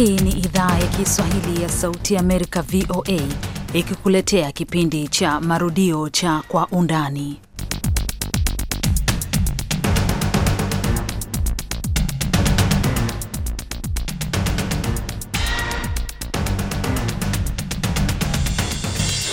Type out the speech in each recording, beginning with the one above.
Hii ni idhaa ya Kiswahili ya Sauti Amerika, VOA, ikikuletea kipindi cha marudio cha Kwa Undani.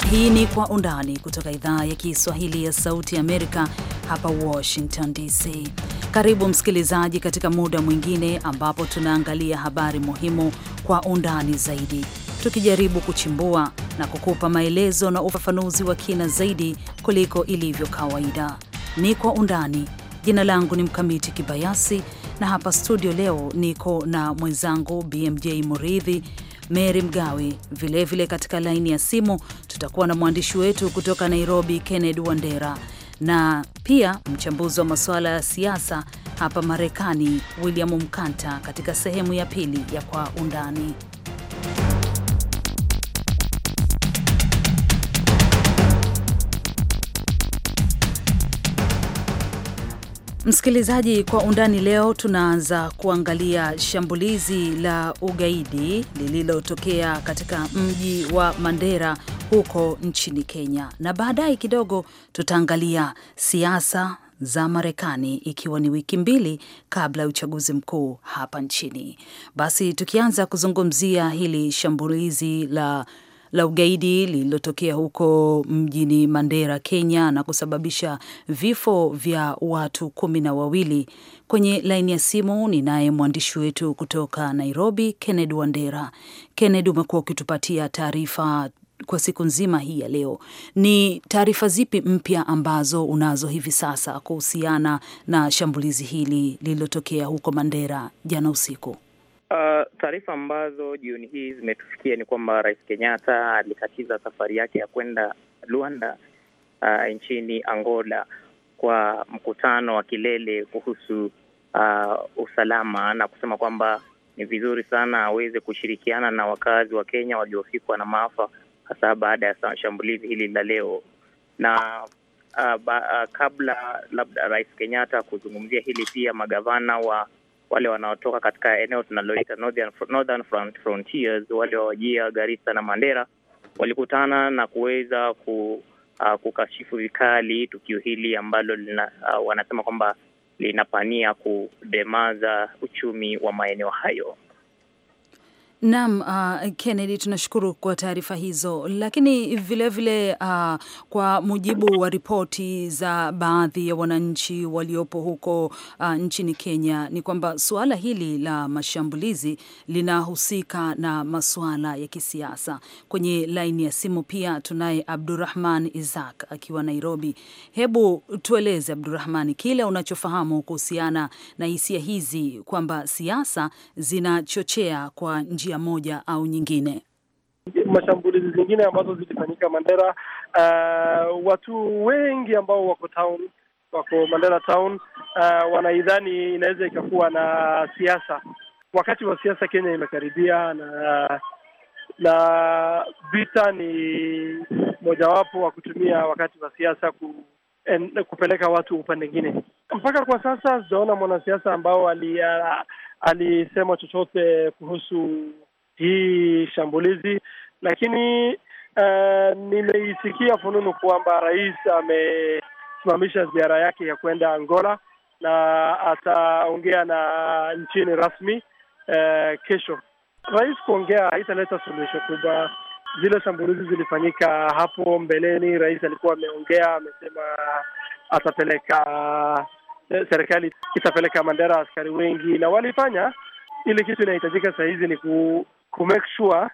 Hii ni Kwa Undani kutoka idhaa ya Kiswahili ya Sauti Amerika, hapa Washington DC. Karibu msikilizaji, katika muda mwingine ambapo tunaangalia habari muhimu kwa undani zaidi, tukijaribu kuchimbua na kukupa maelezo na ufafanuzi wa kina zaidi kuliko ilivyo kawaida. Ni kwa undani. Jina langu ni Mkamiti Kibayasi, na hapa studio leo niko na mwenzangu BMJ Muridhi, Mary Mgawe. Vilevile katika laini ya simu tutakuwa na mwandishi wetu kutoka Nairobi, Kennedy Wandera na pia mchambuzi wa masuala ya siasa hapa Marekani, William Mkanta, katika sehemu ya pili ya Kwa Undani. Msikilizaji, kwa undani leo tunaanza kuangalia shambulizi la ugaidi lililotokea katika mji wa Mandera huko nchini Kenya, na baadaye kidogo tutaangalia siasa za Marekani ikiwa ni wiki mbili kabla ya uchaguzi mkuu hapa nchini. Basi tukianza kuzungumzia hili shambulizi la la ugaidi lililotokea huko mjini Mandera, Kenya na kusababisha vifo vya watu kumi na wawili. Kwenye laini ya simu ninaye mwandishi wetu kutoka Nairobi, Kennedy Wandera. Kennedy, umekuwa ukitupatia taarifa kwa siku nzima hii ya leo, ni taarifa zipi mpya ambazo unazo hivi sasa kuhusiana na shambulizi hili lililotokea huko Mandera jana usiku? Uh, taarifa ambazo jioni hii zimetufikia ni kwamba Rais Kenyatta alikatiza safari yake ya kwenda Luanda, uh, nchini Angola kwa mkutano wa kilele kuhusu uh, usalama na kusema kwamba ni vizuri sana aweze kushirikiana na wakazi wa Kenya waliofikwa na maafa hasa baada ya shambulizi hili la leo na uh, ba, uh, kabla labda Rais Kenyatta kuzungumzia hili pia magavana wa wale wanaotoka katika eneo tunaloita Northern, Northern Front Frontiers, wale wawajia Wajia, Garissa na Mandera walikutana na kuweza ku, uh, kukashifu vikali tukio hili ambalo lina, uh, wanasema kwamba linapania kudemaza uchumi wa maeneo hayo. Naam, uh, Kennedy, tunashukuru kwa taarifa hizo, lakini vilevile vile, uh, kwa mujibu wa ripoti za baadhi ya wananchi waliopo huko uh, nchini Kenya ni kwamba suala hili la mashambulizi linahusika na masuala ya kisiasa. Kwenye laini ya simu pia tunaye Abdurahman Isaac akiwa Nairobi. Hebu tueleze Abdurahman kile unachofahamu kuhusiana na hisia hizi kwamba siasa zinachochea kwa nchi njia moja au nyingine. Mashambulizi zingine ambazo zilifanyika Mandera, uh, watu wengi ambao wako town wako Mandera town uh, wanaidhani inaweza ikakuwa na siasa. Wakati wa siasa Kenya imekaribia na na vita ni mojawapo wa kutumia wakati wa siasa ku, en, kupeleka watu upande mwingine. Mpaka kwa sasa sijaona mwanasiasa ambao ali, uh, alisema chochote kuhusu hii shambulizi, lakini uh, nimeisikia fununu kwamba rais amesimamisha ziara yake ya kwenda Angola na ataongea na nchini rasmi uh, kesho. Rais kuongea haitaleta suluhisho kubwa. Zile shambulizi zilifanyika hapo mbeleni, rais alikuwa ameongea, amesema atapeleka Eh, serikali itapeleka Mandera askari wengi, na walifanya ile kitu inahitajika saa hizi ni ku, ku make sure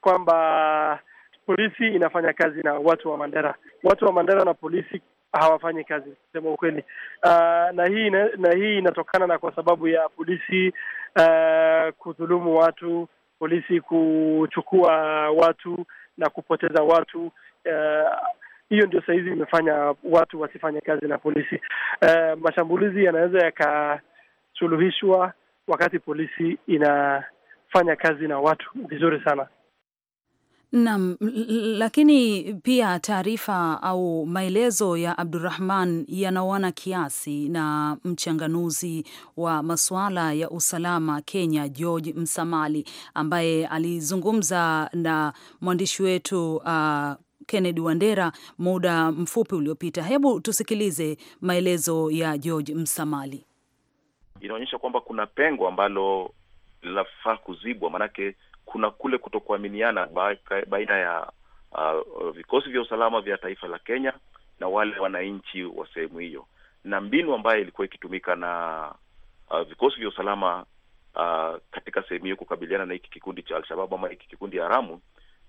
kwamba polisi inafanya kazi na watu wa Mandera. Watu wa Mandera na polisi hawafanyi kazi kusema ukweli. Uh, na hii na, na hii inatokana na kwa sababu ya polisi uh, kudhulumu watu, polisi kuchukua watu na kupoteza watu uh, hiyo ndio sahizi imefanya watu wasifanye kazi na polisi. Uh, mashambulizi yanaweza yakasuluhishwa wakati polisi inafanya kazi na watu vizuri sana. Naam, lakini pia taarifa au maelezo ya Abdurrahman yanaoana kiasi na mchanganuzi wa masuala ya usalama Kenya, George Msamali ambaye alizungumza na mwandishi wetu uh, Kennedy Wandera muda mfupi uliopita. Hebu tusikilize maelezo ya George Msamali. Inaonyesha kwamba kuna pengo ambalo linafaa kuzibwa, maanake kuna kule kutokuaminiana baina ya uh, vikosi vya usalama vya taifa la Kenya na wale wananchi wa sehemu hiyo, na mbinu ambayo ilikuwa ikitumika na uh, vikosi vya usalama uh, katika sehemu hiyo kukabiliana na hiki kikundi cha Alshababu ama hiki kikundi haramu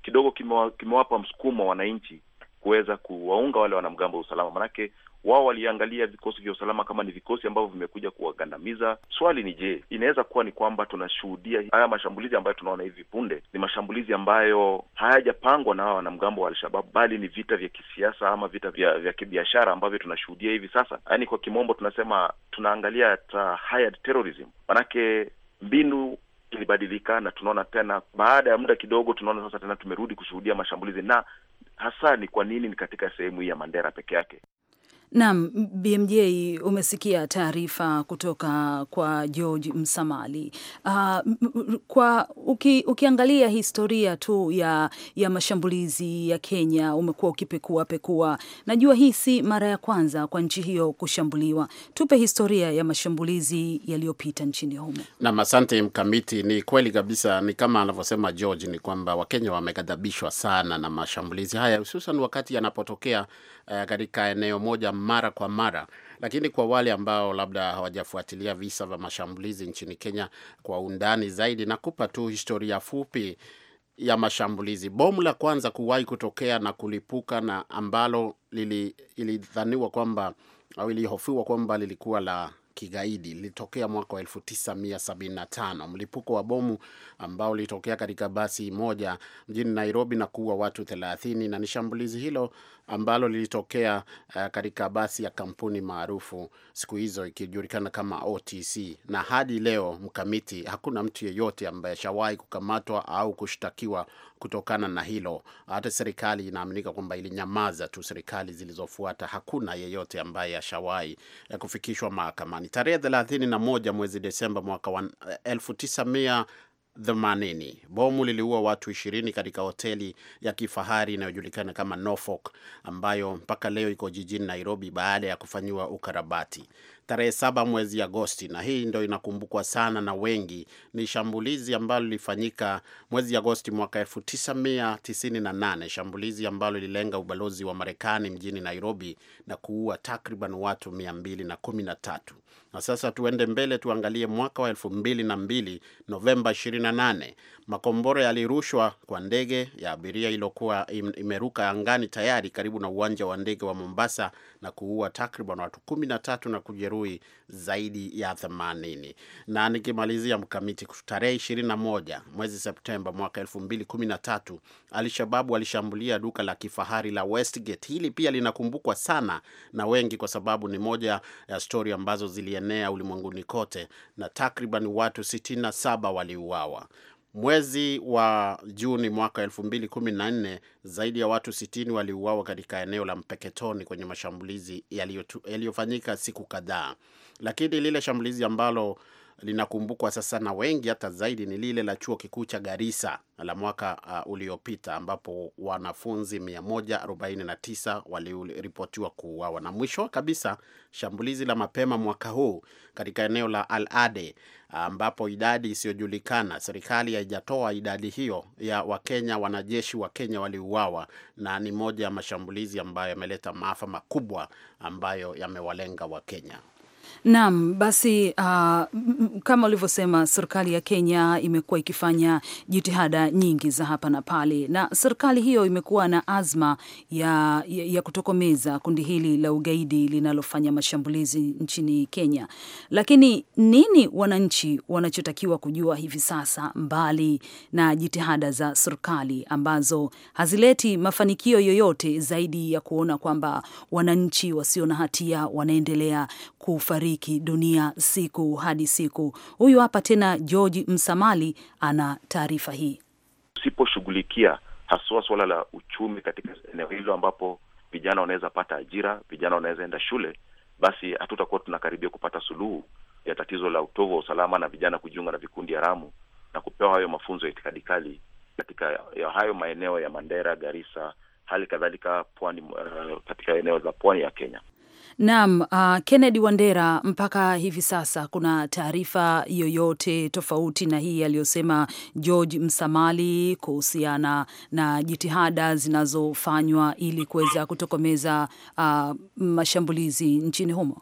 kidogo kimewapa msukumo wananchi kuweza kuwaunga wale wanamgambo wa usalama, manake wao waliangalia vikosi vya usalama kama ni vikosi ambavyo vimekuja kuwagandamiza. Swali ni je, inaweza kuwa ni kwamba tunashuhudia haya mashambulizi ambayo tunaona hivi punde ni mashambulizi ambayo hayajapangwa na hawa wanamgambo wa Alshabab, bali ni vita vya kisiasa ama vita vya, vya kibiashara ambavyo tunashuhudia hivi sasa? Yaani kwa kimombo tunasema tunaangalia hata terrorism, manake mbinu ilibadilika na tunaona tena baada ya muda kidogo, tunaona sasa tena tumerudi kushuhudia mashambulizi, na hasa ni kwa nini ni katika sehemu hii ya Mandera peke yake. Naam, BMJ, umesikia taarifa kutoka kwa George Msamali. Uh, kwa uki, ukiangalia historia tu ya, ya mashambulizi ya Kenya umekuwa ukipekua pekua, najua hii si mara ya kwanza kwa nchi hiyo kushambuliwa. Tupe historia ya mashambulizi yaliyopita nchini humo. Naam, asante Mkamiti. Ni kweli kabisa, ni kama anavyosema George, ni kwamba Wakenya wameghadhabishwa sana na mashambulizi haya, hususan wakati yanapotokea uh, katika eneo moja mara kwa mara, lakini kwa wale ambao labda hawajafuatilia visa vya mashambulizi nchini Kenya kwa undani zaidi, nakupa tu historia fupi ya mashambulizi. Bomu la kwanza kuwahi kutokea na kulipuka na ambalo ilidhaniwa kwamba au ilihofiwa kwamba lilikuwa la kigaidi lilitokea mwaka wa 1975. Mlipuko wa bomu ambao ulitokea katika basi moja mjini Nairobi na kuua watu 30, na ni shambulizi hilo ambalo lilitokea uh, katika basi ya kampuni maarufu siku hizo ikijulikana kama OTC, na hadi leo mkamiti, hakuna mtu yeyote ambaye shawahi kukamatwa au kushtakiwa kutokana na hilo. Hata serikali inaaminika kwamba ilinyamaza tu, serikali zilizofuata hakuna yeyote ambaye ashawahi eh, kufikishwa mahakamani. Tarehe thelathini na moja mwezi Desemba mwaka wa eh, elfu tisa mia themanini bomu liliua watu ishirini katika hoteli ya kifahari inayojulikana kama Norfolk ambayo mpaka leo iko jijini Nairobi baada ya kufanyiwa ukarabati tarehe saba mwezi Agosti, na hii ndo inakumbukwa sana na wengi. Ni shambulizi ambalo lilifanyika mwezi Agosti mwaka 1998, shambulizi ambalo lilenga ubalozi wa Marekani mjini Nairobi na kuua takriban watu 213. Na sasa tuende mbele, tuangalie mwaka wa elfu na mbili Novemba 28 Makombora yalirushwa kwa ndege ya abiria iliyokuwa imeruka angani tayari karibu na uwanja wa ndege wa Mombasa na kuua takriban watu kumi na tatu na kujeruhi zaidi ya 80. Na nikimalizia mkamiti, tarehe 21 mwezi Septemba mwaka 2013 Alshababu alishambulia duka la kifahari la Westgate. Hili pia linakumbukwa sana na wengi kwa sababu ni moja ya stori ambazo zilienea ulimwenguni kote na takriban watu 67 waliuawa. Mwezi wa Juni mwaka e214 zaidi ya watu 60 waliuawa katika eneo la Mpeketoni kwenye mashambulizi yaliyofanyika siku kadhaa, lakini lile shambulizi ambalo linakumbukwa sasa na wengi hata zaidi ni lile la chuo kikuu cha Garissa la mwaka uh, uliopita ambapo wanafunzi 149 waliripotiwa kuuawa, na mwisho kabisa shambulizi la mapema mwaka huu katika eneo la Al Ade ambapo idadi isiyojulikana, serikali haijatoa idadi hiyo ya Wakenya, wanajeshi wa Kenya waliuawa, na ni moja ya mashambulizi ambayo yameleta maafa makubwa ambayo yamewalenga Wakenya. Naam, basi uh, kama ulivyosema, serikali ya Kenya imekuwa ikifanya jitihada nyingi za hapa na pale, na serikali hiyo imekuwa na azma ya, ya, ya kutokomeza kundi hili la ugaidi linalofanya mashambulizi nchini Kenya. Lakini nini wananchi wanachotakiwa kujua hivi sasa, mbali na jitihada za serikali ambazo hazileti mafanikio yoyote zaidi ya kuona kwamba wananchi wasio na hatia wanaendelea kufariki muziki dunia siku hadi siku. Huyu hapa tena George Msamali ana taarifa hii. Usiposhughulikia haswa suala la uchumi katika eneo hilo ambapo vijana wanaweza pata ajira, vijana wanaweza enda shule, basi hatutakuwa tunakaribia kupata suluhu ya tatizo la utovu wa usalama na vijana kujiunga na vikundi haramu na kupewa hayo mafunzo ya itikadi kali katika ya hayo maeneo ya Mandera, Garissa, hali kadhalika pwani, uh, katika eneo la pwani ya Kenya. Naam, uh, Kennedy Wandera, mpaka hivi sasa kuna taarifa yoyote tofauti na hii aliyosema George Msamali kuhusiana na jitihada zinazofanywa ili kuweza kutokomeza uh, mashambulizi nchini humo?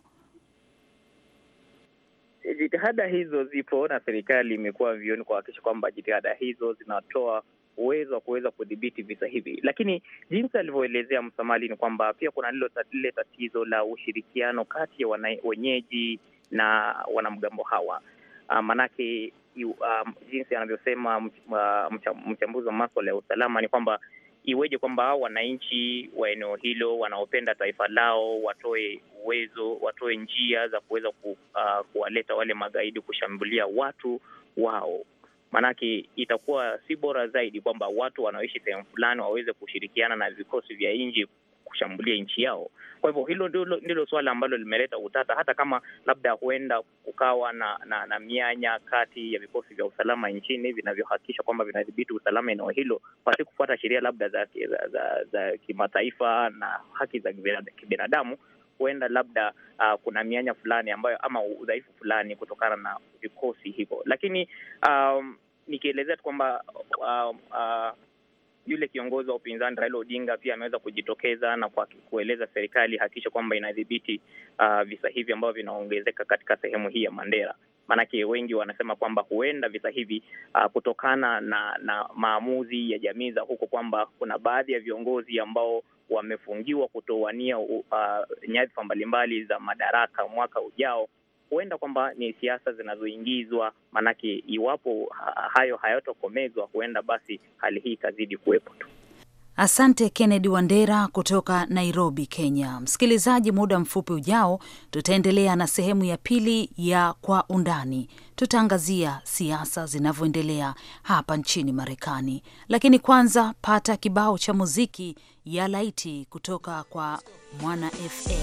Jitihada hizo zipo na serikali imekuwa vioni kuhakikisha kwamba jitihada hizo zinatoa uwezo wa kuweza kudhibiti visa hivi, lakini jinsi alivyoelezea Msamali ni kwamba pia kuna lile tatizo la ushirikiano kati ya wenyeji na wanamgambo hawa ah, maanake um, jinsi anavyosema uh, mchambuzi wa maswala ya usalama ni kwamba iweje kwamba wananchi wa eneo hilo wanaopenda taifa lao watoe uwezo, watoe njia za kuweza ku, uh, kuwaleta wale magaidi kushambulia watu wao maanake itakuwa si bora zaidi kwamba watu wanaoishi sehemu fulani waweze kushirikiana na vikosi vya nji kushambulia nchi yao. Kwa hivyo hilo ndilo, ndilo suala ambalo limeleta utata, hata kama labda huenda kukawa na, na, na mianya kati ya vikosi vya usalama nchini vinavyohakikisha kwamba vinadhibiti usalama eneo hilo pasi kufuata sheria labda za, za, za, za kimataifa na haki za kibinadamu huenda labda uh, kuna mianya fulani ambayo ama udhaifu fulani kutokana na vikosi hivyo, lakini um, nikielezea tu kwamba uh, uh, yule kiongozi wa upinzani Raila Odinga pia ameweza kujitokeza na kwa kueleza serikali hakikisha kwamba inadhibiti uh, visa hivi ambavyo vinaongezeka katika sehemu hii ya Mandera. Maanake wengi wanasema kwamba huenda visa hivi uh, kutokana na na maamuzi ya jamii za huko kwamba kuna baadhi ya viongozi ambao wamefungiwa kutowania uh, nyadhifa mbalimbali za madaraka mwaka ujao huenda kwamba ni siasa zinazoingizwa, maanake iwapo hayo hayatokomezwa, huenda basi hali hii itazidi kuwepo tu. Asante Kennedy Wandera kutoka Nairobi, Kenya. Msikilizaji, muda mfupi ujao tutaendelea na sehemu ya pili ya Kwa Undani. Tutaangazia siasa zinavyoendelea hapa nchini Marekani, lakini kwanza pata kibao cha muziki ya laiti kutoka kwa Mwana FA.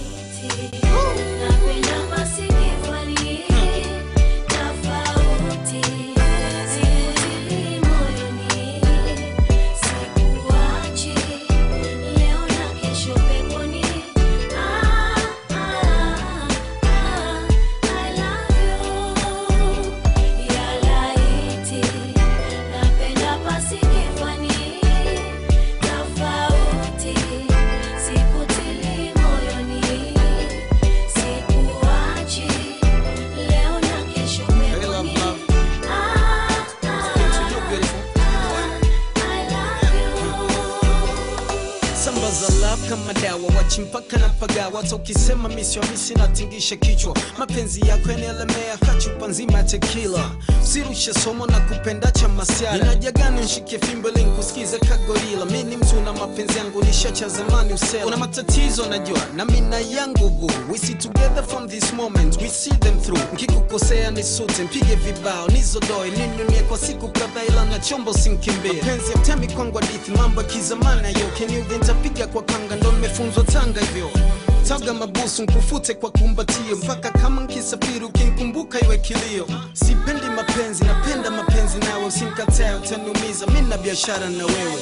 love kama dawa wachi mpaka napagawa hata ukisema misiwamisi natingisha kichwa mapenzi yako yanaelemea kachupa nzima ya tekila sirushe somo na kupenda cha masiara inajagani nshike fimbo linkusikiza kagorila mi ni mtu na mapenzi yangu nisha cha zamani usela una matatizo najua na mina yangu gu we see together from this moment we see them through nkikukosea sute mpige vibao nizodoe ninunie kwa siku kadhaa ila na chombo sinkimbia mapenzi ya temi kwangu hadithi mambo ya kizamani ayoke niudhe ntapiga kwa panga ndo nimefunzwa Tanga hivyo taga mabusu nkufute kwa kumbatio mpaka kama nkisafiri ukinkumbuka iwe kilio. Sipendi mapenzi, napenda mapenzi nawe, usinikataa utaniumiza, mina na biashara na wewe.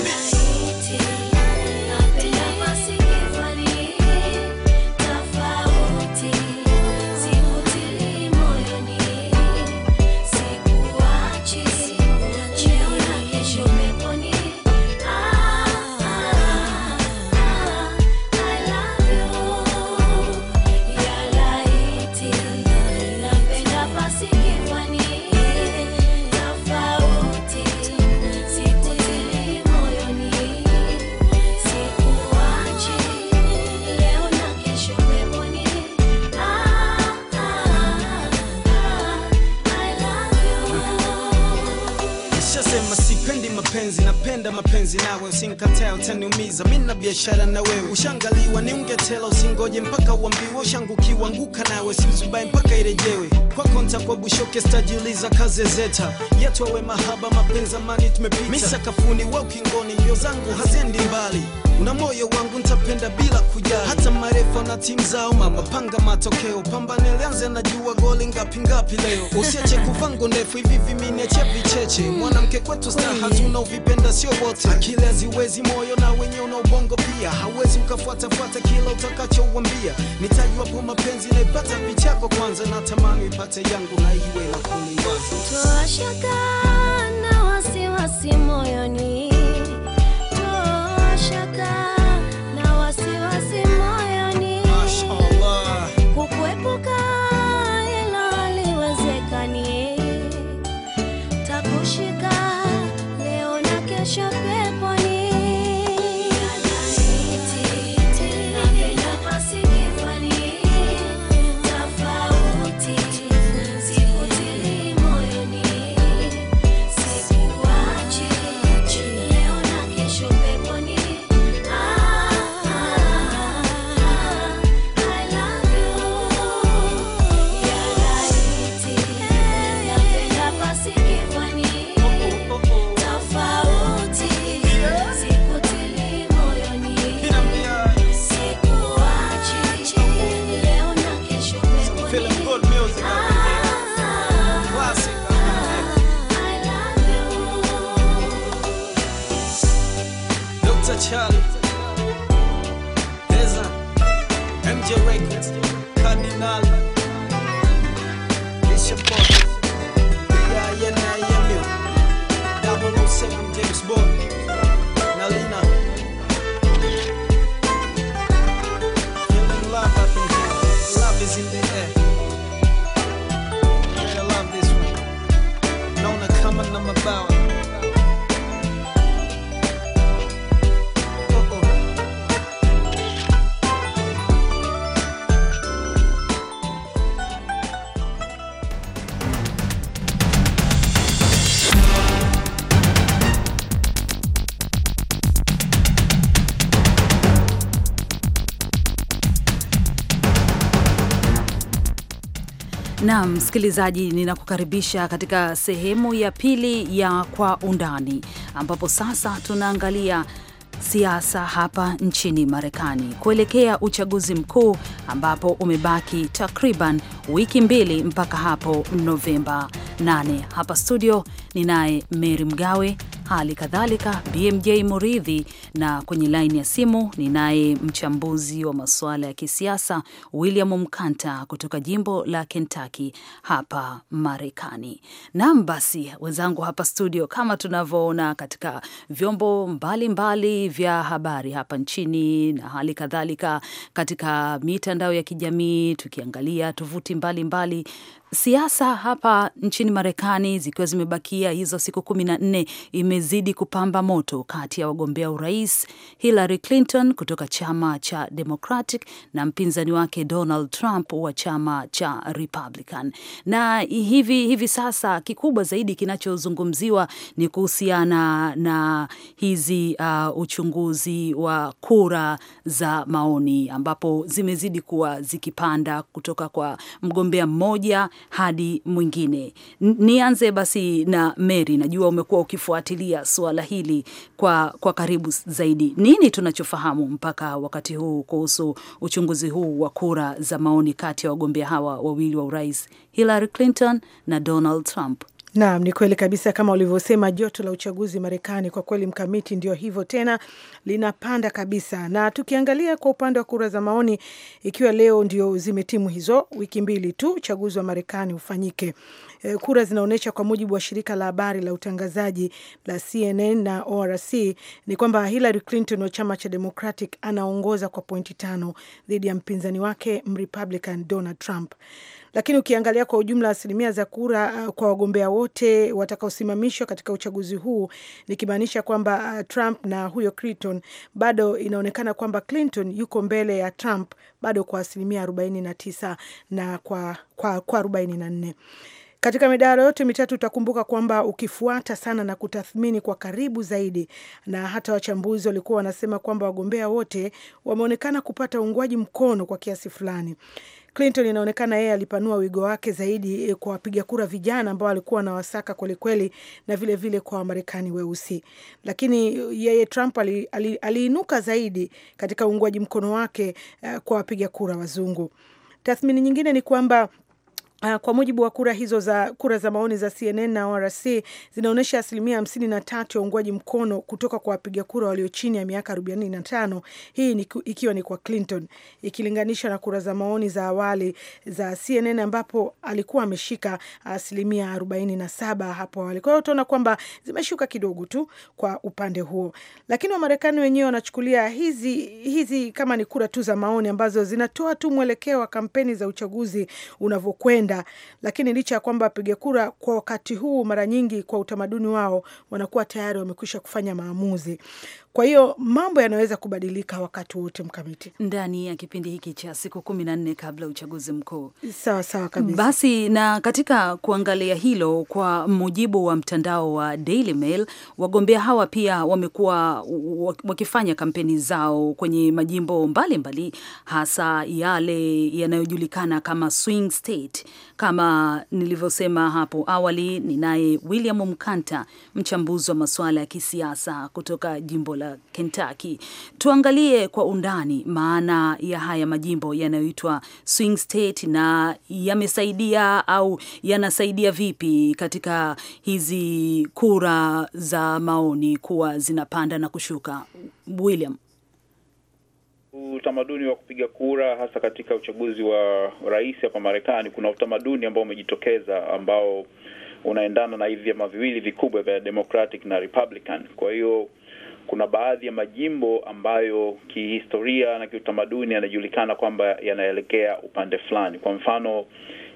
biashara na wewe ushangaliwa ni ungetela usingoje mpaka uambiwe ushangukiwa nguka nawe simzubai mpaka irejewe kwa kwa bushoke stajiuliza kazi zeta yatwawe mahaba mapenzi amani tumepita kafuni wa ukingoni mbio zangu haziendi mbali Una moyo wangu nitapenda bila kujali, hata marefa na timu zao. Mama panga matokeo, pambane lianze, najua goli ngapi ngapi leo. Usiache kuvango ndefu hivi viminiache vicheche. Mwanamke kwetu staha uvipenda sio wote, akili haziwezi, moyo na wenye una ubongo pia. Hawezi ukafuatafuata kila utakachouambia, nitajwapo mapenzi naipata vichako yako kwanza, tamani ipate yangu na iwe na kuliwaza. Toa na wasiwasi moyoni Naam, msikilizaji, ninakukaribisha katika sehemu ya pili ya Kwa Undani, ambapo sasa tunaangalia siasa hapa nchini Marekani kuelekea uchaguzi mkuu ambapo umebaki takriban wiki mbili mpaka hapo Novemba 8. Hapa studio ninaye Mary Mgawe hali kadhalika BMJ Muridhi, na kwenye laini ya simu ninaye mchambuzi wa masuala ya kisiasa William Mkanta kutoka jimbo la Kentucky hapa Marekani. Naam, basi wenzangu hapa studio, kama tunavyoona katika vyombo mbalimbali mbali vya habari hapa nchini na hali kadhalika katika mitandao ya kijamii, tukiangalia tovuti mbalimbali Siasa hapa nchini Marekani zikiwa zimebakia hizo siku kumi na nne imezidi kupamba moto kati ya wagombea urais Hillary Clinton kutoka chama cha Democratic na mpinzani wake Donald Trump wa chama cha Republican. Na hivi hivi sasa kikubwa zaidi kinachozungumziwa ni kuhusiana na hizi uh, uchunguzi wa kura za maoni ambapo zimezidi kuwa zikipanda kutoka kwa mgombea mmoja hadi mwingine. Nianze basi na Mary, najua umekuwa ukifuatilia suala hili kwa, kwa karibu zaidi. Nini tunachofahamu mpaka wakati huu kuhusu uchunguzi huu wa kura za maoni kati ya wagombea hawa wawili wa urais Hillary Clinton na Donald Trump? Naam, ni kweli kabisa kama ulivyosema, joto la uchaguzi Marekani kwa kweli mkamiti ndio hivyo tena, linapanda kabisa. Na tukiangalia kwa upande wa kura za maoni, ikiwa leo ndio zimetimu hizo wiki mbili tu uchaguzi wa Marekani ufanyike, e, kura zinaonyesha kwa mujibu wa shirika la habari la utangazaji la CNN na ORC ni kwamba Hillary Clinton wa chama cha Democratic anaongoza kwa pointi tano dhidi ya mpinzani wake Mrepublican Donald Trump. Lakini ukiangalia kwa ujumla, asilimia za kura uh, kwa wagombea wote watakaosimamishwa katika uchaguzi huu, nikimaanisha kwamba uh, Trump na huyo Clinton, bado inaonekana kwamba Clinton yuko mbele ya Trump bado kwa asilimia 49 na kwa, kwa, kwa 44 katika midahalo yote mitatu utakumbuka kwamba ukifuata sana na kutathmini kwa karibu zaidi, na hata wachambuzi walikuwa wanasema kwamba wagombea wote wameonekana kupata uungwaji mkono kwa kiasi fulani. Clinton inaonekana yeye alipanua wigo wake zaidi eh, kwa wapiga kura vijana ambao alikuwa na wasaka kwelikweli, na vilevile vile kwa Wamarekani weusi, lakini eh, yeye Trump aliinuka ali, ali zaidi katika uungwaji mkono wake uh, kwa wapiga kura wazungu. Tathmini nyingine ni kwamba Ah, kwa mujibu wa kura hizo za kura za maoni za CNN na ORC zinaonyesha asilimia hamsini na tatu ya uungwaji mkono kutoka kwa wapiga kura walio chini ya miaka tano hii ni, ikiwa ni kwa Clinton ikilinganishwa na kura za maoni za awali za CNN ambapo alikuwa ameshika asilimia na saba hapo awali. Kwa hiyo utaona kwamba zimeshuka kidogo tu kwa upande huo, lakini Wamarekani wenyewe wanachukulia hizi, hizi kama ni kura tu za maoni ambazo zinatoa tu mwelekeo wa kampeni za uchaguzi unavyokwenda kushinda. Lakini licha ya kwamba wapiga kura kwa wakati huu mara nyingi kwa utamaduni wao wanakuwa tayari wamekwisha kufanya maamuzi. Kwa hiyo mambo yanaweza kubadilika wakati wote, Mkamiti, ndani ya kipindi hiki cha siku kumi na nne kabla ya uchaguzi mkuu. Sawa sawa kabisa. Basi, na katika kuangalia hilo, kwa mujibu wa mtandao wa Daily Mail, wagombea hawa pia wamekuwa wakifanya kampeni zao kwenye majimbo mbalimbali mbali, hasa yale yanayojulikana kama swing state kama nilivyosema hapo awali, ninaye William Mkanta, mchambuzi wa masuala ya kisiasa kutoka jimbo la Kentucky. Tuangalie kwa undani maana ya haya majimbo yanayoitwa swing state na yamesaidia au yanasaidia vipi katika hizi kura za maoni kuwa zinapanda na kushuka, William? utamaduni wa kupiga kura hasa katika uchaguzi wa rais hapa Marekani, kuna utamaduni ambao umejitokeza ambao unaendana na hivi vyama viwili vikubwa vya Democratic na Republican. Kwa hiyo kuna baadhi ya majimbo ambayo kihistoria na kiutamaduni yanajulikana kwamba yanaelekea upande fulani. Kwa mfano,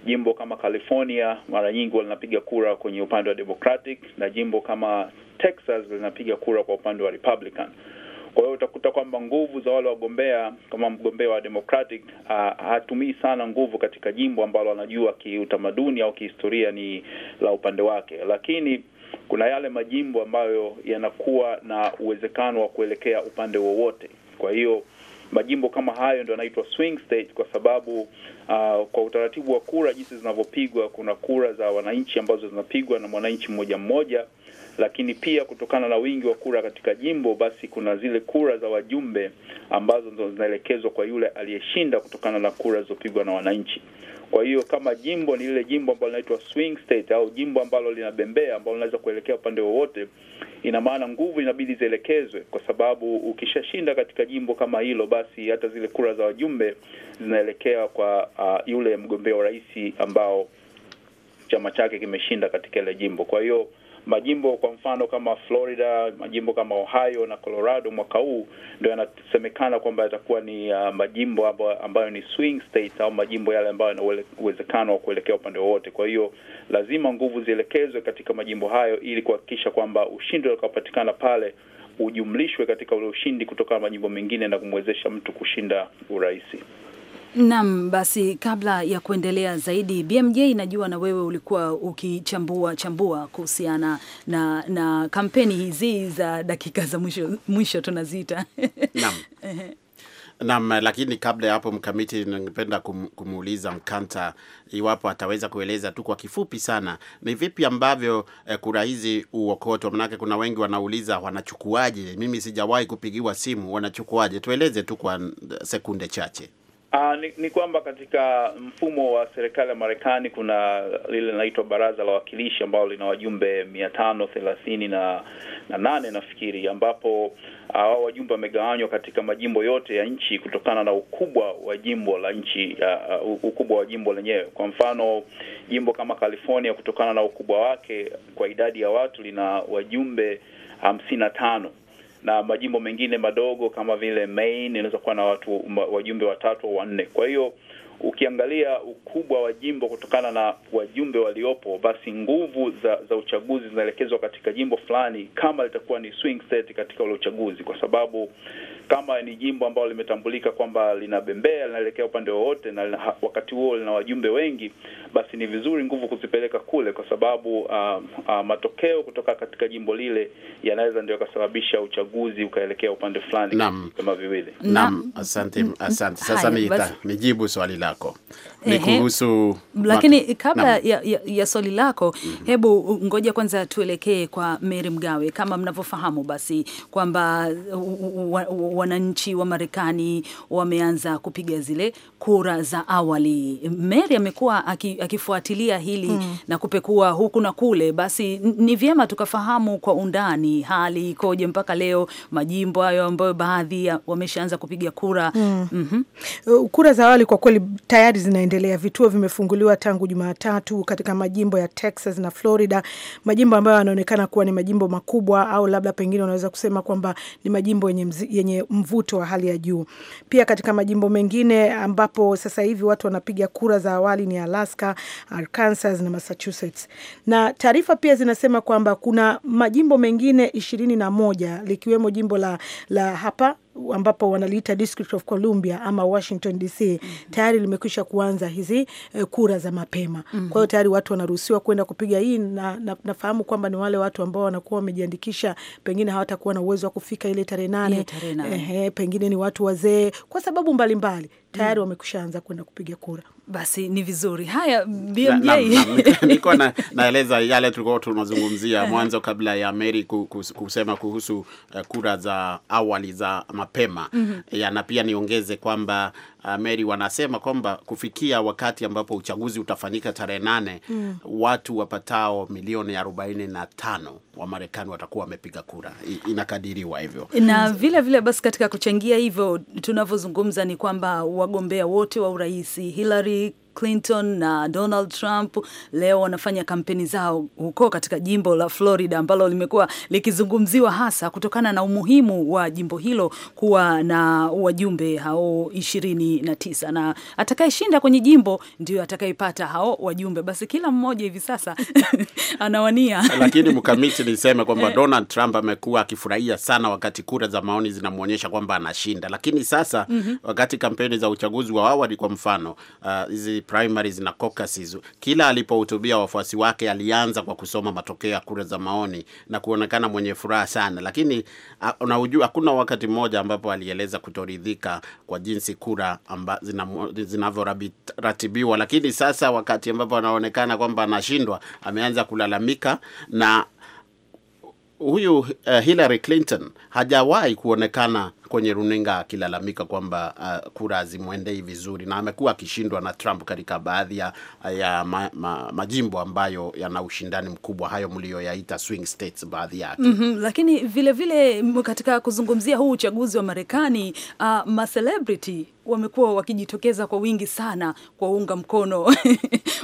jimbo kama California mara nyingi linapiga kura kwenye upande wa Democratic na jimbo kama Texas linapiga kura kwa upande wa Republican. Kwa hiyo utakuta kwamba nguvu za wale wagombea kama mgombea wa Democratic uh, hatumii sana nguvu katika jimbo ambalo anajua kiutamaduni au kihistoria ni la upande wake, lakini kuna yale majimbo ambayo yanakuwa na uwezekano wa kuelekea upande wowote. Kwa hiyo majimbo kama hayo ndo yanaitwa swing state, kwa sababu uh, kwa utaratibu wa kura jinsi zinavyopigwa, kuna kura za wananchi ambazo zinapigwa na mwananchi mmoja mmoja lakini pia kutokana na wingi wa kura katika jimbo, basi kuna zile kura za wajumbe ambazo ndo zinaelekezwa kwa yule aliyeshinda kutokana na kura zilizopigwa na wananchi. Kwa hiyo kama jimbo ni lile jimbo ambalo linaitwa swing state au jimbo ambalo linabembea, ambalo linaweza kuelekea upande wowote, ina maana nguvu inabidi zielekezwe, kwa sababu ukishashinda katika jimbo kama hilo, basi hata zile kura za wajumbe zinaelekea kwa uh, yule mgombea rahisi ambao chama chake kimeshinda katika ile jimbo. Kwa hiyo majimbo kwa mfano kama Florida, majimbo kama Ohio na Colorado mwaka huu ndio yanasemekana kwamba yatakuwa ni uh, majimbo ambayo, ni swing state au majimbo yale ambayo yana uwezekano wa kuelekea upande wowote. Kwa hiyo lazima nguvu zielekezwe katika majimbo hayo ili kuhakikisha kwamba ushindi utakaopatikana pale ujumlishwe katika ule ushindi kutoka majimbo mengine na kumwezesha mtu kushinda urais. Naam, basi kabla ya kuendelea zaidi, BMJ, najua na wewe ulikuwa ukichambua chambua kuhusiana na, na kampeni hizi za dakika za mwisho, mwisho tunaziita naam. lakini kabla ya hapo mkamiti, ningependa kumuuliza Mkanta iwapo ataweza kueleza tu kwa kifupi sana ni vipi ambavyo eh, kura hizi uokotwa. Manake kuna wengi wanauliza wanachukuaje. Mimi sijawahi kupigiwa simu, wanachukuaje? Tueleze tu kwa eh, sekunde chache. Uh, ni, ni kwamba katika mfumo wa serikali ya Marekani kuna lile linaitwa baraza la wawakilishi ambalo lina wajumbe mia tano thelathini na nane nafikiri, ambapo ah, hao wajumbe wamegawanywa katika majimbo yote ya nchi kutokana na ukubwa wa jimbo la nchi, uh, ukubwa wa jimbo lenyewe. Kwa mfano, jimbo kama California kutokana na ukubwa wake kwa idadi ya watu lina wajumbe hamsini na tano na majimbo mengine madogo kama vile Maine inaweza kuwa na watu wajumbe watatu au wanne. Kwa hiyo ukiangalia ukubwa wa jimbo kutokana na wajumbe waliopo, basi nguvu za za uchaguzi zinaelekezwa katika jimbo fulani, kama litakuwa ni swing state katika ule uchaguzi, kwa sababu kama ni jimbo ambalo limetambulika kwamba linabembea, linaelekea upande wowote, na wakati huo lina wajumbe wengi, basi ni vizuri nguvu kuzipeleka kule, kwa sababu uh, uh, matokeo kutoka katika jimbo lile yanaweza ndio yakasababisha uchaguzi ukaelekea upande fulani kama viwili. Naam, asante, asante. Sasa mijibu swali la yako ni kuhusu lakini kabla ya, ya, ya swali lako mm -hmm. Hebu ngoja kwanza tuelekee kwa Mary Mgawe. Kama mnavyofahamu basi kwamba wananchi wa Marekani wameanza kupiga zile kura za awali. Mary amekuwa akifuatilia hili mm. na kupekua huku na kule, basi ni vyema tukafahamu kwa undani hali ikoje mpaka leo, majimbo hayo ambayo baadhi wameshaanza kupiga kura mm. Mm -hmm. Mhm. Uh, kura za awali kwa kweli tayari zinaendelea. Vituo vimefunguliwa tangu Jumatatu katika majimbo ya Texas na Florida, majimbo ambayo yanaonekana kuwa ni majimbo makubwa, au labda pengine unaweza kusema kwamba ni majimbo yenye, mzi, yenye mvuto wa hali ya juu. Pia katika majimbo mengine ambapo sasa hivi watu wanapiga kura za awali ni Alaska, Arkansas na Massachusetts, na taarifa pia zinasema kwamba kuna majimbo mengine ishirini na moja likiwemo jimbo la, la hapa ambapo wanaliita District of Columbia ama Washington DC mm -hmm. Tayari limekwisha kuanza hizi e, kura za mapema mm -hmm. Kwa hiyo tayari watu wanaruhusiwa kwenda kupiga hii na, na, nafahamu kwamba ni wale watu ambao wanakuwa wamejiandikisha, pengine hawatakuwa na uwezo wa kufika ile tarehe nane eh, pengine ni watu wazee kwa sababu mbalimbali mbali. Tayari mm -hmm. wamekushaanza kwenda kupiga kura. Basi ni vizuri. Haya, BMJ nilikuwa na, na, naeleza yale tulikuwa tunazungumzia eh. mwanzo kabla ya Mary kusema kuhusu uh, kura za awali za mapema mm -hmm. ya, na pia niongeze kwamba uh, Mary wanasema kwamba kufikia wakati ambapo uchaguzi utafanyika tarehe nane mm. watu wapatao milioni arobaini na tano wa Marekani watakuwa wamepiga kura, inakadiriwa hivyo na vile vile. Basi katika kuchangia hivyo tunavyozungumza ni kwamba wagombea wote wa urais Hillary be Clinton na Donald Trump leo wanafanya kampeni zao huko katika jimbo la Florida ambalo limekuwa likizungumziwa hasa kutokana na umuhimu wa jimbo hilo kuwa na wajumbe hao ishirini na tisa na atakayeshinda kwenye jimbo ndio atakayepata hao wajumbe. Basi kila mmoja hivi sasa anawania lakini mkamiti niseme kwamba eh. Donald Trump amekuwa akifurahia sana wakati kura za maoni zinamwonyesha kwamba anashinda, lakini sasa mm -hmm. wakati kampeni za uchaguzi wa awali kwa mfano ah, hizi uh, primaries na caucuses, kila alipohutubia wafuasi wake alianza kwa kusoma matokeo ya kura za maoni na kuonekana mwenye furaha sana, lakini unajua hakuna wakati mmoja ambapo alieleza kutoridhika kwa jinsi kura zinavyoratibiwa. Lakini sasa wakati ambapo anaonekana kwamba anashindwa, ameanza kulalamika na huyu uh, Hillary Clinton hajawahi kuonekana kwenye runinga akilalamika kwamba uh, kura hazimwendei vizuri, na amekuwa akishindwa na Trump katika baadhi ya, ya ma, ma, majimbo ambayo yana ushindani mkubwa, hayo mlioyaita swing states baadhi yake mm -hmm. Lakini vilevile vile katika kuzungumzia huu uchaguzi wa Marekani uh, macelebrity wamekuwa wakijitokeza kwa wingi sana kuwaunga mkono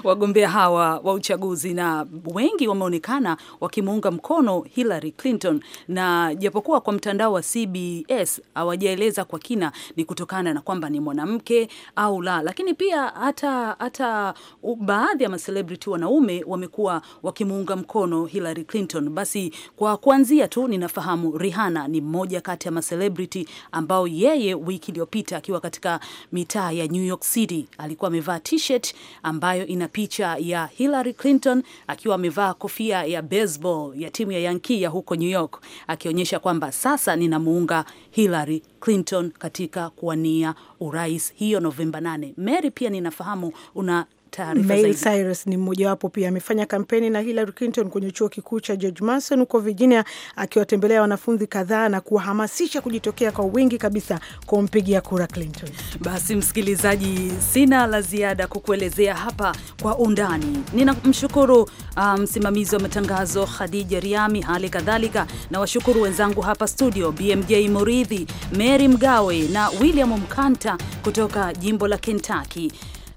wagombea hawa wa uchaguzi, na wengi wameonekana wakimuunga mkono Hillary Clinton, na japokuwa kwa mtandao wa CBS hawajaeleza kwa kina ni kutokana na kwamba ni mwanamke au la, lakini pia hata hata baadhi ya macelebrity wanaume wamekuwa wakimuunga mkono Hillary Clinton. Basi kwa kuanzia tu, ninafahamu Rihanna ni mmoja kati ya macelebrity ambao yeye wiki iliyopita akiwa katika mitaa ya New York City alikuwa amevaa t-shirt ambayo ina picha ya Hillary Clinton akiwa amevaa kofia ya baseball ya timu ya Yankee ya huko New York, akionyesha kwamba sasa ninamuunga Hillary Hillary Clinton katika kuwania urais hiyo Novemba 8. Mary, pia ninafahamu una Miley Cyrus ni mmojawapo pia amefanya kampeni na Hillary Clinton kwenye chuo kikuu cha George Mason huko Virginia, akiwatembelea wanafunzi kadhaa na kuwahamasisha kujitokea kwa wingi kabisa kumpigia kura Clinton. Basi msikilizaji, sina la ziada kukuelezea hapa kwa undani. Ninamshukuru uh, msimamizi um, wa matangazo Khadija Riami, hali kadhalika na washukuru wenzangu hapa studio BMJ Muridhi, Mary Mgawe na William Mkanta kutoka jimbo la Kentucky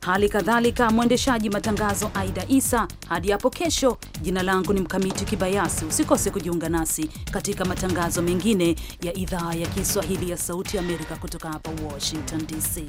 hali kadhalika mwendeshaji matangazo Aida Isa. Hadi hapo kesho, jina langu ni Mkamiti Kibayasi. Usikose kujiunga nasi katika matangazo mengine ya idhaa ya Kiswahili ya Sauti ya Amerika kutoka hapa Washington DC.